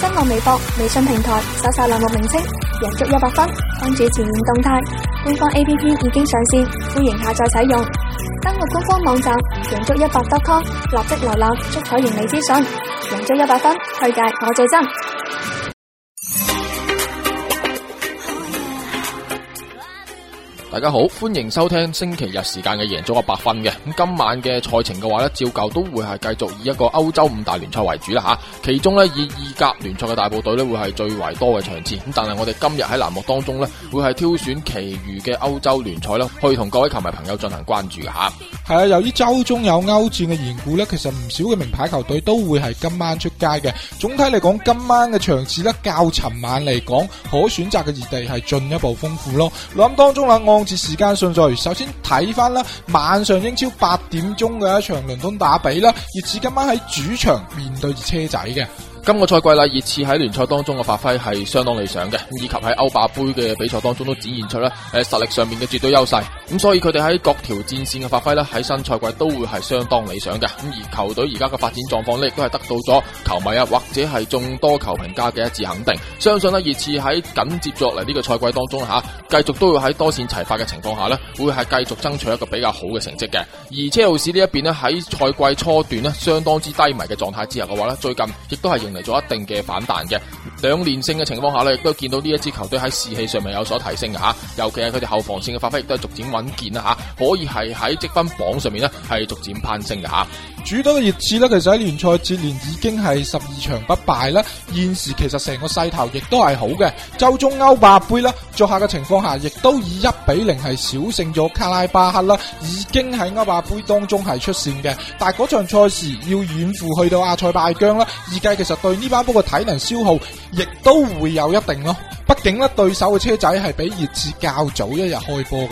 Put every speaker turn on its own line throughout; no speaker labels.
登錄微博、微信平台，搜索欄目名稱“贏足一百分”，關注前沿動態。官方 APP 已經上線，歡迎下載使用。登錄官方網站贏足一百 .com，立即瀏覽足彩盈利資訊。贏足一百分，推介我最真。
大家好，歡迎收聽星期日時間嘅贏足一百 FUN 嘅。咁今晚嘅賽程嘅話呢，照舊都會係繼續以一個歐洲五大聯賽為主啦吓。其中呢，以意甲聯賽嘅大部隊呢，會係最為多嘅場次。咁但係我哋今日喺欄目當中呢，會係挑選其餘嘅歐洲聯賽啦，去同各位球迷朋友進行關注吓。
係啊，由於周中有歐戰嘅緣故呢，其實唔少嘅名牌球隊都會係今晚出街嘅。總體嚟講，今晚嘅場次呢，較尋晚嚟講，可選擇嘅熱地係進一步豐富咯。諗當中啦，我。至時間順序，首先睇翻啦，晚上英超八點鐘嘅一場倫敦打比啦，熱刺今晚喺主場面對住
車仔嘅。今個賽季啦，熱刺喺聯賽當中嘅發揮係相當理想嘅，以及喺歐霸杯嘅比賽當中都展現出啦，誒、呃、實力上面嘅絕對優勢。咁所以佢哋喺各條戰線嘅發揮呢，喺新賽季都會係相當理想嘅。咁而球隊而家嘅發展狀況呢，亦都係得到咗球迷啊或者係眾多球評家嘅一致肯定。相信呢，熱刺喺緊接着嚟呢個賽季當中吓，繼續都會喺多線齊發嘅情況下呢，會係繼續爭取一個比較好嘅成績嘅。而車路士呢一邊呢，喺賽季初段呢，相當之低迷嘅狀態之下嘅話呢，最近亦都係迎嚟咗一定嘅反彈嘅。兩連勝嘅情況下呢，亦都見到呢一支球隊喺士氣上面有所提升嘅吓。尤其係佢哋後防線嘅發揮亦都係逐漸穩健啦吓，可以係喺積分榜上面咧係逐漸攀升嘅吓，啊。
主隊嘅熱刺呢，其實喺聯賽接連已經係十二場不敗啦。現時其實成個勢頭亦都係好嘅。周中歐霸盃啦，作客嘅情況下，亦都以一比零係小勝咗卡拉巴克啦，已經喺歐霸盃當中係出線嘅。但係嗰場賽事要遠赴去到阿塞拜疆啦，預計其實對呢班波嘅體能消耗亦都會有一定咯。畢竟呢，對手嘅車仔係比熱刺較早一日開波嘅。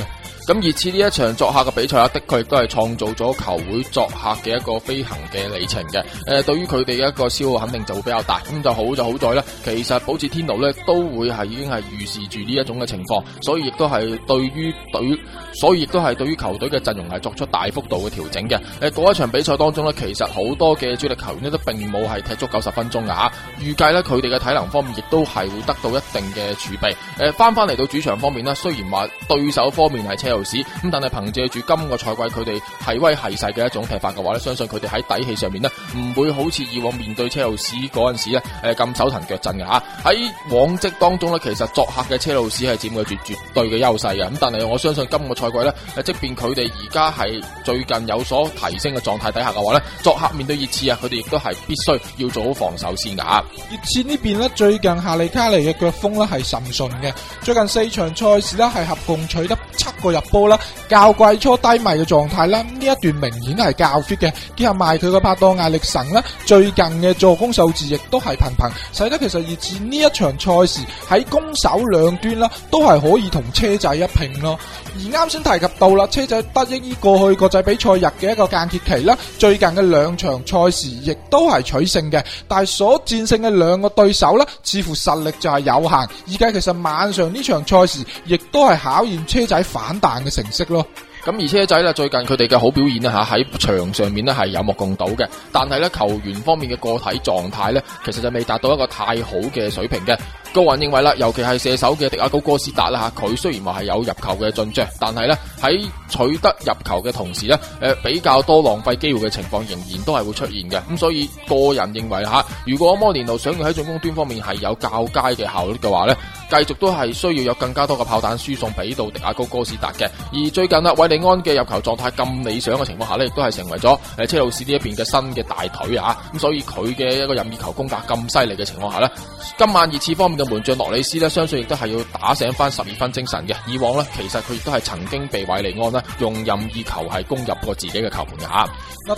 咁而次呢一場作客嘅比賽啊，的確亦都係創造咗球會作客嘅一個飛行嘅里程嘅。誒、呃，對於佢哋嘅一個消耗，肯定就會比較大。咁、嗯、就好就好在呢，其實保持天奴呢都會係已經係預示住呢一種嘅情況，所以亦都係對於隊，所以亦都係對於球隊嘅陣容係作出大幅度嘅調整嘅。誒、呃，嗰一場比賽當中呢，其實好多嘅主力球員呢都並冇係踢足九十分鐘啊。預計呢，佢哋嘅體能方面亦都係會得到一定嘅儲備。誒、呃，翻翻嚟到主場方面呢，雖然話對手方面係車。咁，但係憑借住今個賽季佢哋係威係勢嘅一種踢法嘅話咧，相信佢哋喺底氣上面呢，唔會好似以往面對車路士嗰陣時咧，誒咁手騰腳震嘅吓。喺往績當中呢，其實作客嘅車路士係佔據住絕對嘅優勢嘅。咁但係我相信今個賽季呢，即便佢哋而家係最近有所提升嘅狀態底下嘅話呢，作客面對熱刺啊，佢哋亦都係必須要做好防守先噶。
熱刺呢邊呢，最近夏利卡尼嘅腳風呢係甚順嘅，最近四場賽事呢，係合共取得個入波啦，較季初低迷嘅狀態啦，呢一段明顯係較 fit 嘅，兼埋佢個拍檔亞力神啦，最近嘅助攻數字亦都係頻頻，使得其實以至呢一場賽事喺攻守兩端啦，都係可以同車仔一拼咯。而啱先提及到啦，車仔得益於過去國際比賽日嘅一個間歇期啦，最近嘅兩場賽事亦都係取勝嘅，但係所戰勝嘅兩個對手呢，似乎實力就係有限。而家其實晚上呢場賽事，亦都係考驗車仔反彈嘅成績咯。
咁而車仔啦，最近佢哋嘅好表現呢吓，喺場上面呢係有目共睹嘅。但係呢，球員方面嘅個體狀態呢，其實就未達到一個太好嘅水平嘅。個人認為啦，尤其係射手嘅迪亞高哥斯達啦，吓，佢雖然話係有入球嘅進賬，但係呢，喺取得入球嘅同時呢，誒比較多浪費機會嘅情況仍然都係會出現嘅。咁所以個人認為吓，如果摩連奴想要喺進攻端方面係有較佳嘅效率嘅話呢繼續都係需要有更加多嘅炮彈輸送俾到迪亞高哥斯達嘅，而最近呢韋利安嘅入球狀態咁理想嘅情況下呢亦都係成為咗誒車路士呢一邊嘅新嘅大腿啊！咁所以佢嘅一個任意球攻格咁犀利嘅情況下呢，今晚熱刺方面嘅門將羅里斯呢，相信亦都係要打醒翻十二分精神嘅。以往呢，其實佢亦都係曾經被韋利安呢用任意球係攻入過自己嘅球門嘅
吓、啊。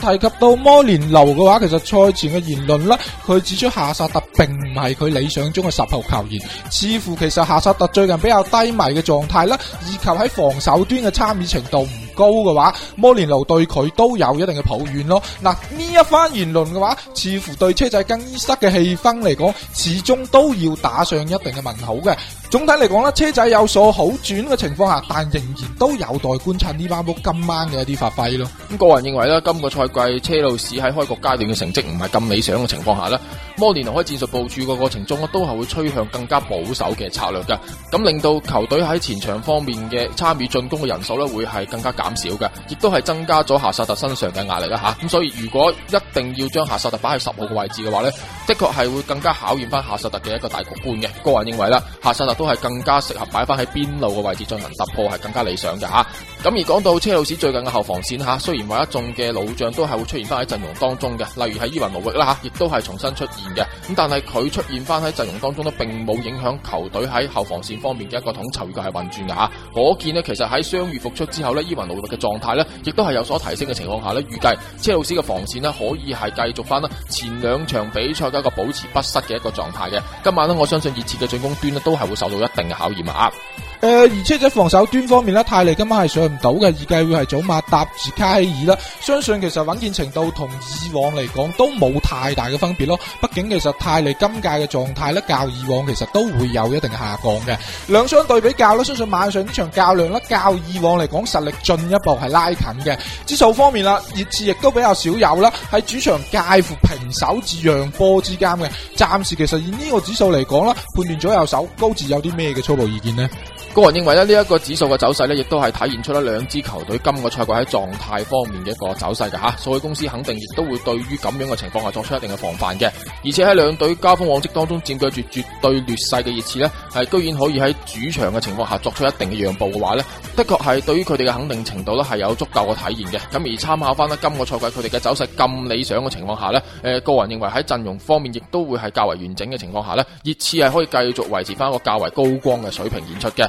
提及到摩連奴嘅話，其實賽前嘅言論呢，佢指出夏薩特並唔係佢理想中嘅十號球員，似乎。其實夏薩特最近比較低迷嘅狀態啦，以及喺防守端嘅參與程度高嘅話，摩連奴對佢都有一定嘅抱怨咯。嗱，呢一番言論嘅話，似乎對車仔更衣室嘅氣氛嚟講，始終都要打上一定嘅問號嘅。總體嚟講咧，車仔有所好轉嘅情況下，但仍然都有待觀察呢班友今晚嘅一啲發
揮咯。咁個人認為咧，今個賽季車路士喺開局階段嘅成績唔係咁理想嘅情況下咧，摩連奴喺戰術部署嘅過程中都係會趨向更加保守嘅策略嘅，咁令到球隊喺前場方面嘅參與進攻嘅人數咧會係更加減少嘅，亦都係增加咗夏薩特身上嘅壓力啦吓，咁、啊、所以如果一定要將夏薩特擺喺十號嘅位置嘅話呢，的確係會更加考驗翻夏薩特嘅一個大局觀嘅。個人認為啦，夏薩特都係更加適合擺翻喺邊路嘅位置進行突破係更加理想嘅吓。咁、啊、而講到車路士最近嘅後防線吓、啊，雖然話一眾嘅老將都係會出現翻喺陣容當中嘅，例如係伊雲奴域啦吓，亦都係重新出現嘅，咁、啊、但係佢出現翻喺陣容當中都並冇影響球隊喺後防線方面嘅一個統籌同埋運轉嘅吓、啊。可見呢，其實喺傷愈復出之後呢，伊雲奴嘅狀態咧，亦都係有所提升嘅情況下咧，預計車路士嘅防線咧可以係繼續翻啦，前兩場比賽嘅一個保持不失嘅一個狀態嘅，今晚咧我相信熱刺嘅進攻端咧都係會受到一定嘅考驗啊。
誒、呃，而車仔防守端方面咧，泰利今晚係上唔到嘅，預計會係祖馬搭住卡希爾啦。相信其實穩健程度同以往嚟講都冇太大嘅分別咯。畢竟其實泰利今屆嘅狀態咧，較以往其實都會有一定的下降嘅。兩相對比較咧，相信晚上呢場較量咧，較以往嚟講實力進一步係拉近嘅。指數方面啦，熱刺亦都比較少有啦，喺主場介乎平手至讓波之間嘅。暫時其實以呢個指數嚟講啦，判斷左右手，高志有啲咩嘅初步意見呢？
個人認為咧，呢一個指數嘅走勢呢，亦都係體現出咧兩支球隊今個賽季喺狀態方面嘅一個走勢嘅吓。數據公司肯定亦都會對於咁樣嘅情況下作出一定嘅防範嘅。而且喺兩隊交鋒往績當中，佔據住絕對劣勢嘅熱刺呢，係居然可以喺主場嘅情況下作出一定嘅讓步嘅話呢，的確係對於佢哋嘅肯定程度咧係有足夠嘅體現嘅。咁而參考翻咧今個賽季佢哋嘅走勢咁理想嘅情況下呢，誒，個人認為喺陣容方面亦都會係較為完整嘅情況下呢，熱刺係可以繼續維持翻一個較為高光嘅水平演出嘅。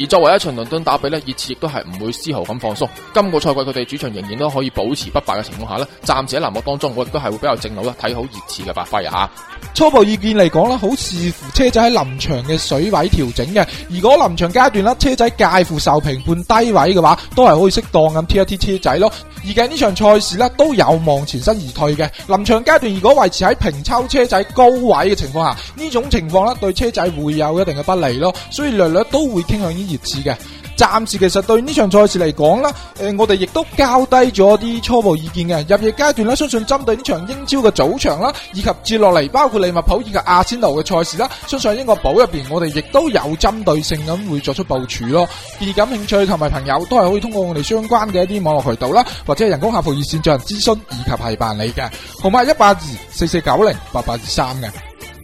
而作為一場倫敦打比呢，熱刺亦都係唔會絲毫咁放鬆。今個賽季佢哋主場仍然都可以保持不敗嘅情況下咧，暫時喺藍幕當中，我哋都係會比較正路啦，睇好熱刺嘅發揮啊！
初步意見嚟講咧，好視乎車仔喺臨場嘅水位調整嘅。如果臨場階段咧，車仔介乎受評判低位嘅話，都係可以適當咁貼一貼車仔咯。而嘅呢場賽事呢都有望全身而退嘅。臨場階段如果維持喺平抽車仔高位嘅情況下，呢種情況咧對車仔會有一定嘅不利咯，所以略略都會傾向熱刺嘅，暫時其實對呢場賽事嚟講啦，誒、呃，我哋亦都交低咗啲初步意見嘅。入夜階段啦，相信針對呢場英超嘅早場啦，以及接落嚟包括利物浦以及阿仙奴嘅賽事啦，相信英國寶入邊我哋亦都有針對性咁會作出部署咯。而感興趣同埋朋友都係可以通過我哋相關嘅一啲網絡渠道啦，或者係人工客服熱線進行諮詢以及係辦理嘅，號碼一八二四四九零八八二三嘅。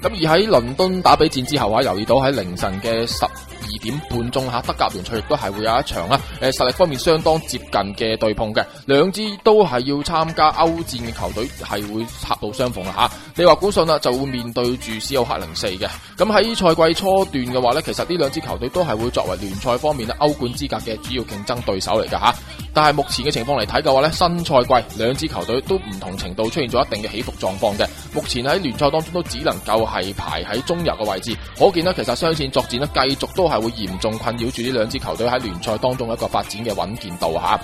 咁而喺倫敦打比戰之後啊，留意到喺凌晨嘅十二點半鐘吓，德甲聯賽亦都係會有一場啦，誒、呃，實力方面相當接近嘅對碰嘅，兩支都係要參加歐戰嘅球隊係會狹路相逢啦吓、啊。你話估信啦，就會面對住斯奧克零四嘅。咁喺賽季初段嘅話呢，其實呢兩支球隊都係會作為聯賽方面啊歐冠資格嘅主要競爭對手嚟㗎吓。啊但係目前嘅情況嚟睇嘅話咧，新賽季兩支球隊都唔同程度出現咗一定嘅起伏狀況嘅。目前喺聯賽當中都只能夠係排喺中游嘅位置，可見呢，其實雙線作戰呢繼續都係會嚴重困擾住呢兩支球隊喺聯賽當中一個發展嘅穩健度吓。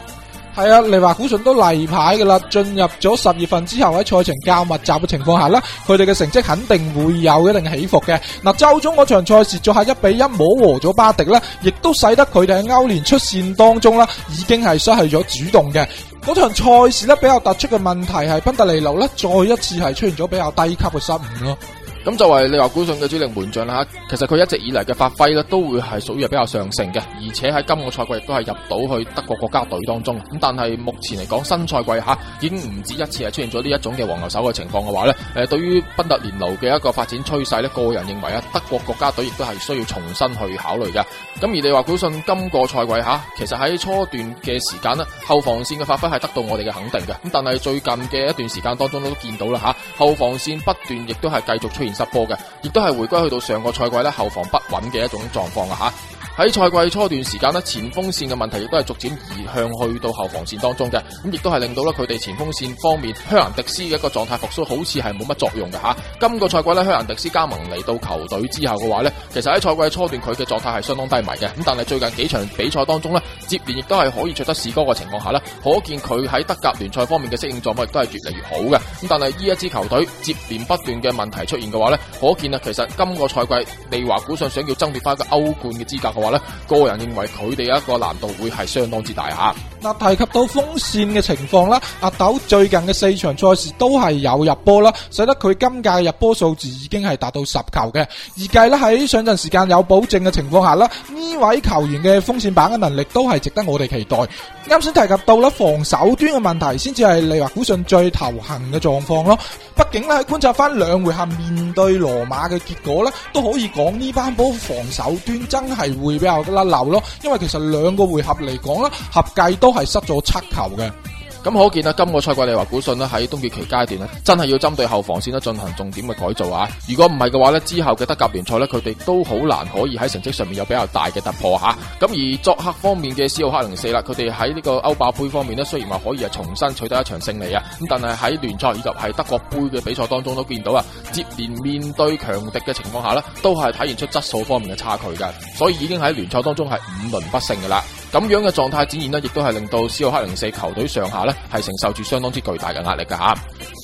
係啊，利華古遜都例牌噶啦，進入咗十月份之後喺賽程較密集嘅情況下呢佢哋嘅成績肯定會有一定起伏嘅。嗱、呃，周中嗰場賽事再下一比一冇和咗巴迪呢亦都使得佢哋喺歐聯出線當中啦，已經係失去咗主動嘅。嗰場賽事呢，比較突出嘅問題係賓特尼流呢，再一次係出現咗比較低級嘅失誤咯。
咁作為利華古信嘅主力門將啦，其實佢一直以嚟嘅發揮咧，都會係屬於比較上乘嘅，而且喺今個賽季亦都係入到去德國國家隊當中。咁但係目前嚟講，新賽季吓已經唔止一次係出現咗呢一種嘅黃牛手嘅情況嘅話咧，誒、呃，對於賓特連奴嘅一個發展趨勢咧，個人認為啊，德國國家隊亦都係需要重新去考慮嘅。咁而利華古信今個賽季吓，其實喺初段嘅時間咧，後防線嘅發揮係得到我哋嘅肯定嘅。咁但係最近嘅一段時間當中都，都見到啦吓，後防線不斷亦都係繼續出現，失波嘅，亦都係回歸去到上個賽季咧，後防不穩嘅一種狀況啦，吓。喺賽季初段時間呢，前鋒線嘅問題亦都係逐漸移向去到後防線當中嘅，咁亦都係令到咧佢哋前鋒線方面香蘭迪斯嘅一個狀態復甦，好似係冇乜作用嘅吓。今個賽季咧，香蘭迪斯加盟嚟到球隊之後嘅話呢，其實喺賽季初段佢嘅狀態係相當低迷嘅，咁但係最近幾場比賽當中呢，接連亦都係可以取得士哥嘅情況下呢，可見佢喺德甲聯賽方面嘅適應狀況亦都係越嚟越好嘅。咁但係呢一支球隊接連不斷嘅問題出現嘅話呢，可見啊，其實今個賽季利華古遜想要爭奪翻一個歐冠嘅資格。話咧，個人認為佢哋一個難度會係相當之大吓。
嗱，提及到鋒線嘅情況啦，阿斗最近嘅四場賽事都係有入波啦，使得佢今屆入波數字已經係達到十球嘅。而計咧，喺上陣時間有保證嘅情況下啦，呢位球員嘅鋒線板嘅能力都係值得我哋期待。啱先提及到啦，防守端嘅問題先至係利華古遜最頭痕嘅狀況咯。畢竟咧，喺觀察返兩回合面對羅馬嘅結果咧，都可以講呢班波防守端真係會比較甩漏咯。因為其實兩個回合嚟講啦，合計都係失咗七球嘅。
咁可見啦、啊，今個賽季利華古信，呢喺冬歇期階段呢真係要針對後防線進行重點嘅改造啊！如果唔係嘅話呢，之後嘅德甲聯賽呢，佢哋都好難可以喺成績上面有比較大嘅突破吓、啊。咁而作客方面嘅斯奧克零四啦，佢哋喺呢個歐霸杯方面呢，雖然話可以係重新取得一場勝利啊，咁但係喺聯賽以及係德國杯嘅比賽當中都見到啊，接連面對強敵嘅情況下呢，都係體現出質素方面嘅差距噶，所以已經喺聯賽當中係五輪不勝噶啦。咁樣嘅狀態展現呢，亦都係令到斯奧克零四球隊上下呢係承受住相當之巨大嘅壓力㗎。吓。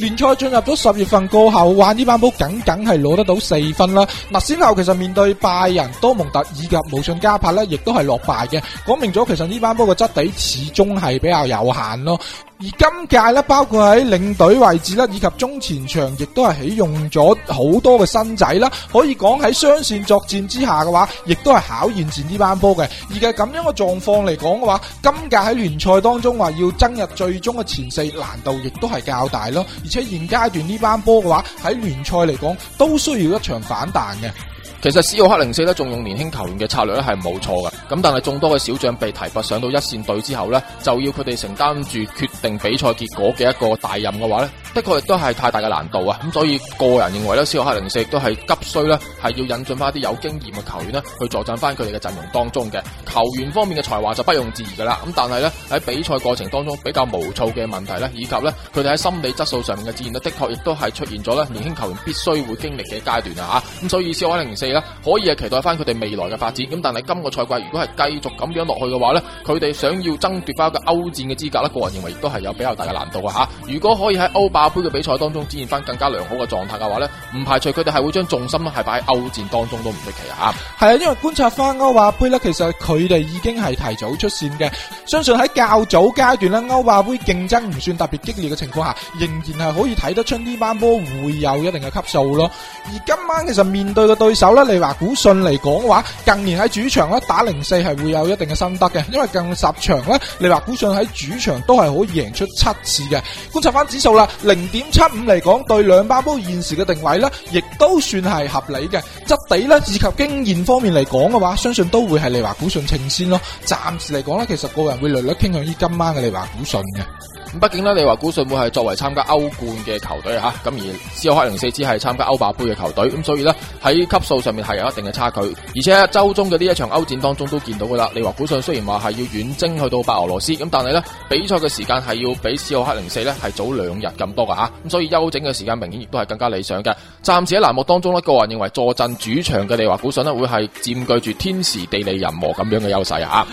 聯賽進入咗十月份過後，話呢班波僅僅係攞得到四分啦。嗱、啊，先後其實面對拜仁、多蒙特以及慕遜加柏呢，亦都係落敗嘅，講明咗其實呢班波嘅質地始終係比較有限咯。而今屆咧，包括喺領隊位置咧，以及中前場，亦都係起用咗好多嘅新仔啦。可以講喺雙線作戰之下嘅話，亦都係考驗住呢班波嘅。而家咁樣嘅狀況嚟講嘅話，今屆喺聯賽當中話要爭入最終嘅前四，難度亦都係較大咯。而且現階段呢班波嘅話喺聯賽嚟講，都需要一場反彈嘅。
其實斯奧克零四呢重用年輕球員嘅策略呢係冇錯嘅，咁但係眾多嘅小將被提拔上到一線隊之後呢，就要佢哋承擔住決定比賽結果嘅一個大任嘅話呢。的確亦都係太大嘅難度啊！咁所以個人認為咧，斯洛克零四亦都係急需咧，係要引進翻一啲有經驗嘅球員呢，去助陣翻佢哋嘅陣容當中嘅球員方面嘅才華就不用置疑噶啦。咁但係咧，喺比賽過程當中比較無措嘅問題咧，以及咧佢哋喺心理質素上面嘅展現咧，的確亦都係出現咗咧年輕球員必須會經歷嘅階段啊！吓，咁所以斯洛克零四咧可以係期待翻佢哋未來嘅發展。咁但係今個賽季如果係繼續咁樣落去嘅話咧，佢哋想要爭奪翻一個歐戰嘅資格咧，個人認為亦都係有比較大嘅難度啊！吓，如果可以喺歐亞盃嘅比賽當中展現翻更加良好嘅狀態嘅話呢，唔排除佢哋係會將重心咧係擺喺歐戰當中都唔出奇啊！
係啊，因為觀察翻歐亞盃呢，其實佢哋已經係提早出線嘅。相信喺較早階段呢，歐亞盃競爭唔算特別激烈嘅情況下，仍然係可以睇得出呢班波會有一定嘅級數咯。而今晚其實面對嘅對手呢，利華古信嚟講嘅話，近年喺主場咧打零四係會有一定嘅心得嘅，因為近十場呢，利華古信喺主場都係可以贏出七次嘅。觀察翻指數啦。零點七五嚟講，對兩包煲現時嘅定位咧，亦都算係合理嘅質地咧，以及經驗方面嚟講嘅話，相信都會係利華古遜稱先咯。暫時嚟講咧，其實個人會略略傾向於今晚嘅利華古遜嘅。
咁畢竟呢利華古遜會係作為參加歐冠嘅球隊吓，咁、啊、而斯奧克零四只係參加歐霸盃嘅球隊，咁、啊、所以呢喺級數上面係有一定嘅差距。而且周中嘅呢一場歐戰當中都見到噶啦，利華古遜雖然話係要遠征去到白俄羅斯，咁、啊、但係呢比賽嘅時間係要比斯奧克零四呢係早兩日咁多噶吓，咁、啊、所以休整嘅時間明顯亦都係更加理想嘅。暫時喺欄目當中呢個人認為坐鎮主場嘅利華古遜咧會係佔據住天時地利人和咁樣嘅優勢吓。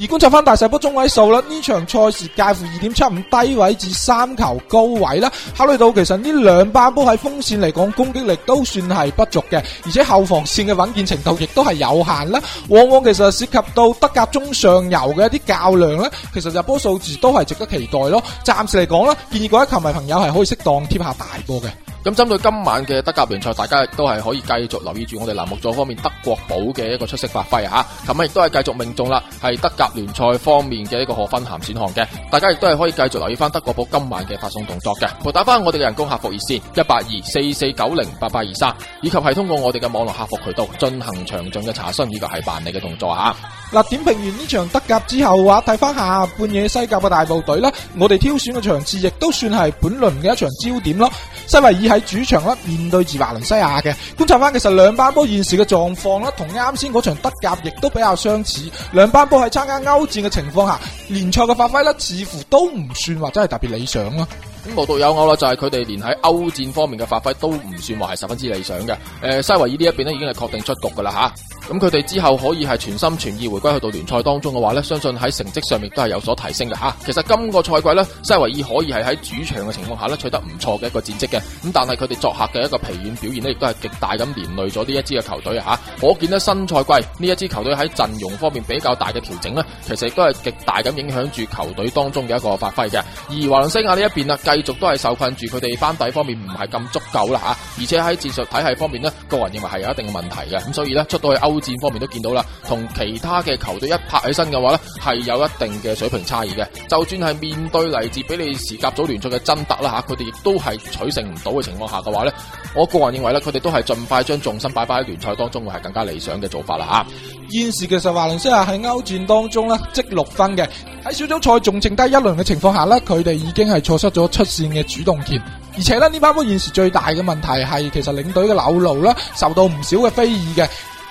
而觀察翻大細波中位數啦，呢場賽事介乎二點七五低位至三球高位啦。考慮到其實呢兩班波喺鋒線嚟講攻擊力都算係不俗嘅，而且後防線嘅穩健程度亦都係有限啦。往往其實涉及到德甲中上游嘅一啲較量咧，其實入波數字都係值得期待咯。暫時嚟講啦，建議各位球迷朋友係可以適當貼下大波嘅。
咁針對今晚嘅德甲聯賽，大家亦都係可以繼續留意住我哋欄目組方面德國寶嘅一個出色發揮啊！吓，琴日亦都係繼續命中啦，係德甲聯賽方面嘅一個荷芬咸選項嘅，大家亦都係可以繼續留意翻，德國寶今晚嘅發送動作嘅。撥打翻我哋嘅人工客服熱線一八二四四九零八八二三，23, 以及係通過我哋嘅網絡客服渠道進行詳盡嘅查詢以及係辦理嘅動作啊！
嗱，點評完呢場德甲之後嘅話，睇翻下半夜西甲嘅大部隊啦，我哋挑選嘅場次亦都算係本輪嘅一場焦點咯，西維爾喺喺主場咧面對住華倫西亞嘅觀察翻，其實兩班波現時嘅狀況啦，同啱先嗰場德甲亦都比較相似。兩班波喺參加歐戰嘅情況下，聯賽嘅發揮咧，似乎都唔算話真係特別理想咯。
咁無獨有偶啦，就係佢哋連喺歐戰方面嘅發揮都唔算話係十分之理想嘅。誒、呃，西維爾呢一邊呢，已經係確定出局噶啦吓。咁佢哋之後可以係全心全意回歸去到聯賽當中嘅話呢，相信喺成績上面都係有所提升嘅吓。其實今個賽季呢，西維爾可以係喺主場嘅情況下呢取得唔錯嘅一個戰績嘅。咁但係佢哋作客嘅一個疲軟表現呢，亦都係極大咁連累咗呢一支嘅球隊吓。可見呢新賽季呢一支球隊喺陣容方面比較大嘅調整呢，其實亦都係極大咁影響住球隊當中嘅一個發揮嘅。而華倫西亞呢一邊啊，繼續都係受困住佢哋班底方面唔係咁足夠啦吓，而且喺戰術體系方面呢，個人認為係有一定嘅問題嘅。咁所以呢，出到去歐歐戰方面都見到啦，同其他嘅球隊一拍起身嘅話呢係有一定嘅水平差異嘅。就算係面對嚟自比利時甲組聯賽嘅爭奪啦吓，佢哋亦都係取勝唔到嘅情況下嘅話呢，我個人認為呢，佢哋都係盡快將重心擺翻喺聯賽當中，會係更加理想嘅做法啦吓。現時其實華倫
西亞喺歐戰當中咧積六分嘅，喺小組賽仲剩低一輪嘅情況下呢，佢哋已經係錯失咗出線嘅主動權。而且呢，呢班波現時最大嘅問題係，其實領隊嘅扭路咧受到唔少嘅非議嘅。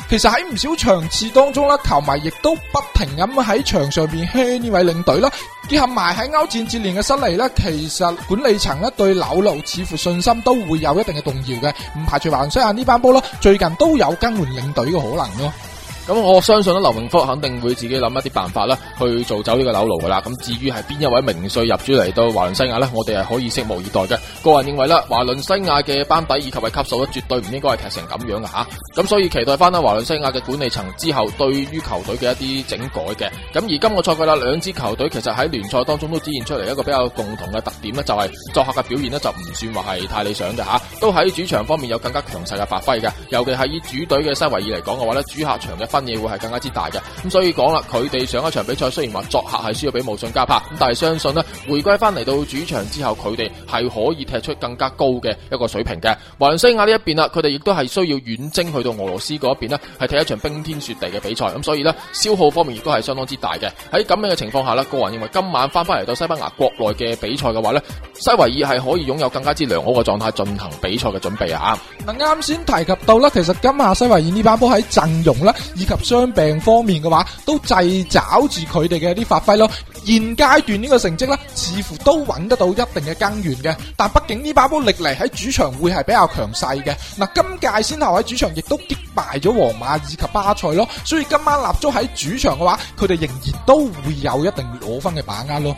其實喺唔少場次當中啦，球迷亦都不停咁喺場上邊噓呢位領隊啦。結合埋喺歐戰接連嘅失利啦，其實管理層咧對紐路似乎信心都會有一定嘅動搖嘅，唔排除華倫西亞呢班波咯，最近都有更換領隊嘅可能咯。
咁我相信咧、啊，劉榮福肯定會自己諗一啲辦法啦，去做走呢個樓路噶啦。咁至於係邊一位名帥入主嚟到華倫西亞呢，我哋係可以拭目以待嘅。個人認為咧，華倫西亞嘅班底以及係級數咧，絕對唔應該係踢成咁樣嘅吓。咁、啊、所以期待翻咧，華倫西亞嘅管理層之後對於球隊嘅一啲整改嘅。咁而今個賽季啦，兩支球隊其實喺聯賽當中都展現出嚟一個比較共同嘅特點咧，就係、是、作客嘅表現咧就唔算話係太理想嘅吓、啊。都喺主場方面有更加強勢嘅發揮嘅，尤其係以主隊嘅西維爾嚟講嘅話咧，主客場嘅嘢會係更加之大嘅，咁所以講啦，佢哋上一場比賽雖然話作客係輸咗俾慕遜加帕，咁但係相信呢，回歸翻嚟到主場之後，佢哋係可以踢出更加高嘅一個水平嘅。華倫西亞呢一邊啦，佢哋亦都係需要遠征去到俄羅斯嗰一邊咧，係踢一場冰天雪地嘅比賽，咁所以呢，消耗方面亦都係相當之大嘅。喺咁樣嘅情況下咧，個人認為今晚翻翻嚟到西班牙國內嘅比賽嘅話呢，西維爾係可以擁有更加之良好嘅狀態進行比賽嘅準備啊！啱
先提及到啦，其實今夏西維爾呢班波喺陣容啦及傷病方面嘅話，都製找住佢哋嘅啲發揮咯。現階段呢個成績呢，似乎都揾得到一定嘅根源嘅。但畢竟呢把波歷嚟喺主場會係比較強勢嘅。嗱、啊，今屆先後喺主場亦都擊敗咗皇馬以及巴塞咯。所以今晚立足喺主場嘅話，佢哋仍然都會有一定攞分嘅把握咯。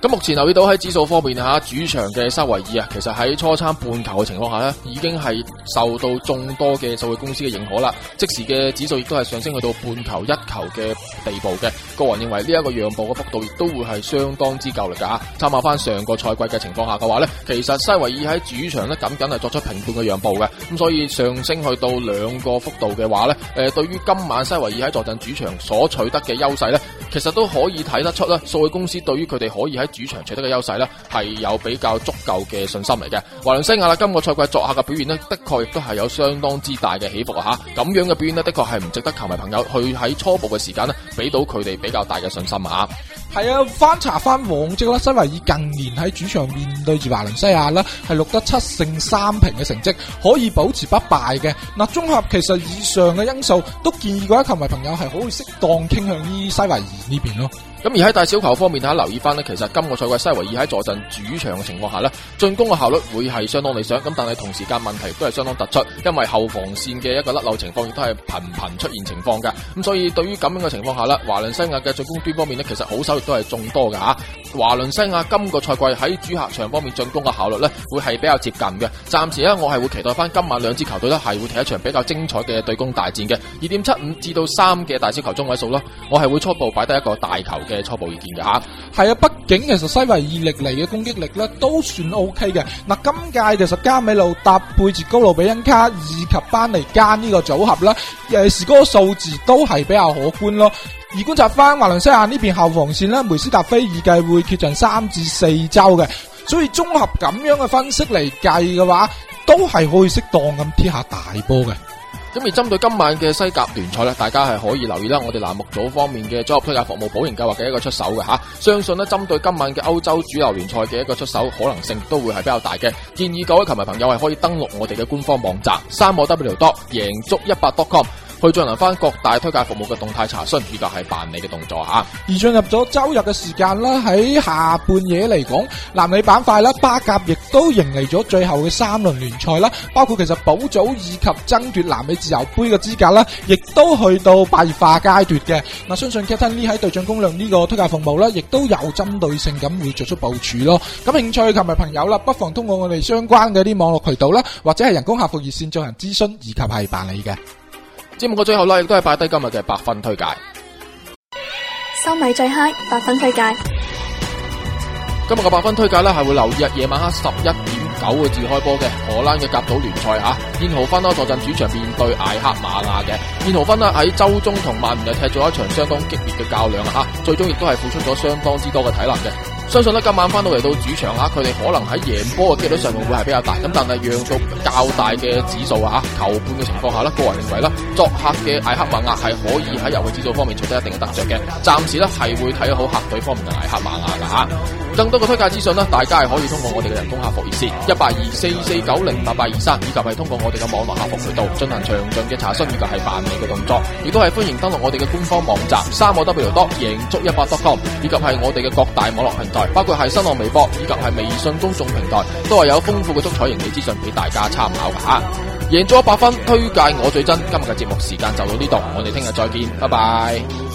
咁目前留意到喺指數方面吓，主場嘅西維爾啊，其實喺初盤半球嘅情況下咧，已經係受到眾多嘅數據公司嘅認可啦。即時嘅指數亦都係上升去到半球一球嘅地步嘅。個人認為呢一個讓步嘅幅度亦都會係相當之夠力噶、吓。參考翻上個賽季嘅情況下嘅話咧，其實西維爾喺主場咧僅僅係作出平半嘅讓步嘅，咁所以上升去到兩個幅度嘅話咧，誒、呃，對於今晚西維爾喺坐鎮主場所取得嘅優勢咧。其實都可以睇得出啦，數據公司對於佢哋可以喺主場取得嘅優勢咧，係有比較足夠嘅信心嚟嘅。華倫西亞啦，今個賽季作客嘅表現呢，的確亦都係有相當之大嘅起伏吓，咁樣嘅表現呢，的確係唔值得球迷朋友去喺初步嘅時間咧，俾到佢哋比較大嘅信心啊！
係啊，翻查翻往績啦，西維爾近年喺主場面對住華倫西亞啦，係錄得七勝三平嘅成績，可以保持不敗嘅。嗱，綜合其實以上嘅因素，都建議各位球迷朋友係可以適當傾向於西維爾呢邊咯。
咁而喺大小球方面大家留意翻呢。其實今個賽季西維爾喺坐鎮主場嘅情況下呢，進攻嘅效率會係相當理想。咁但係同時間問題都係相當突出，因為後防線嘅一個甩漏情況亦都係頻頻出現情況噶。咁所以對於咁樣嘅情況下呢，華倫西亞嘅進攻端方面呢，其實好手亦都係眾多噶。華倫西亞今個賽季喺主客場方面進攻嘅效率咧，會係比較接近嘅。暫時咧，我係會期待翻今晚兩支球隊咧，係會踢一場比較精彩嘅對攻大戰嘅。二點七五至到三嘅大小球中位數咯，我係會初步擺低一個大球嘅初步意見嘅吓。係啊，畢竟其實西維爾力尼嘅攻
擊力咧都算 OK 嘅。嗱、啊，今屆其實加美路搭配住高路比恩卡以及班尼加呢個組合咧，誒，是嗰個數字都係比較可觀咯。而觀察翻華倫西亞呢邊後防線呢，梅斯達菲預計會缺陣三至四周嘅，所以綜合咁樣嘅分析嚟計嘅話，都係可以適當咁踢下大波嘅。
咁而針對今晚嘅西甲聯賽呢，大家係可以留意啦，我哋欄目組方面嘅綜合推介服務保盈計劃嘅一個出手嘅吓，相信呢，針對今晚嘅歐洲主流聯賽嘅一個出手可能性都會係比較大嘅，建議各位球迷朋友係可以登錄我哋嘅官方網站三 w 多贏足一百 .com。去進行翻各大推介服務嘅動態查詢，以及係辦理嘅動作吓、啊。
而進入咗周日嘅時間啦，喺下半夜嚟講，南美板塊啦，巴甲亦都迎嚟咗最後嘅三輪聯賽啦，包括其實保組以及爭奪南美自由杯嘅資格啦，亦都去到白熱化階段嘅。嗱，相信 k u t t n 呢喺隊象公亮呢個推介服務啦，亦都有針對性咁會作出部署咯。咁興趣球迷朋友啦，不妨通過我哋相關嘅啲網絡渠道啦，或者係人工客服熱線進行諮
詢以及係辦理嘅。節目嘅最後啦，亦都係擺低今日嘅百分推介。
收米最 high，百分推介。
今日嘅百分推介啦，係會留意夜晚黑十一點九個字開波嘅荷蘭嘅甲組聯賽啊。燕豪芬啦，坐陣主場面對艾克馬亞嘅燕豪芬啦，喺周中同曼聯踢咗一場相當激烈嘅較量啊！吓，最終亦都係付出咗相當之多嘅體能嘅。相信咧今晚翻到嚟到主場，啊，佢哋可能喺贏波嘅機率上面會係比較大。咁但係讓到較大嘅指數啊，球半嘅情況下咧，個人認為咧，作客嘅艾克曼亞係可以喺遊戲指數方面取得一定嘅得著嘅。暫時咧係會睇好客隊方面嘅艾克曼亞噶嚇。更多嘅推介資訊咧，大家係可以通過我哋嘅人工客服熱線一八二四四九零八八二三，4, 4 90, 23, 以及係通過我哋嘅網絡客服渠道進行詳盡嘅查詢以及係辦理嘅動作。亦都係歡迎登錄我哋嘅官方網站三個 w 多贏足一百 com，以及係我哋嘅各大網絡平台，包括係新浪微博以及係微信公眾平台，都係有豐富嘅足彩贏利資訊俾大家參考吓。贏咗一百分，推介我最真。今日嘅節目時間就到呢度，我哋聽日再見，拜拜。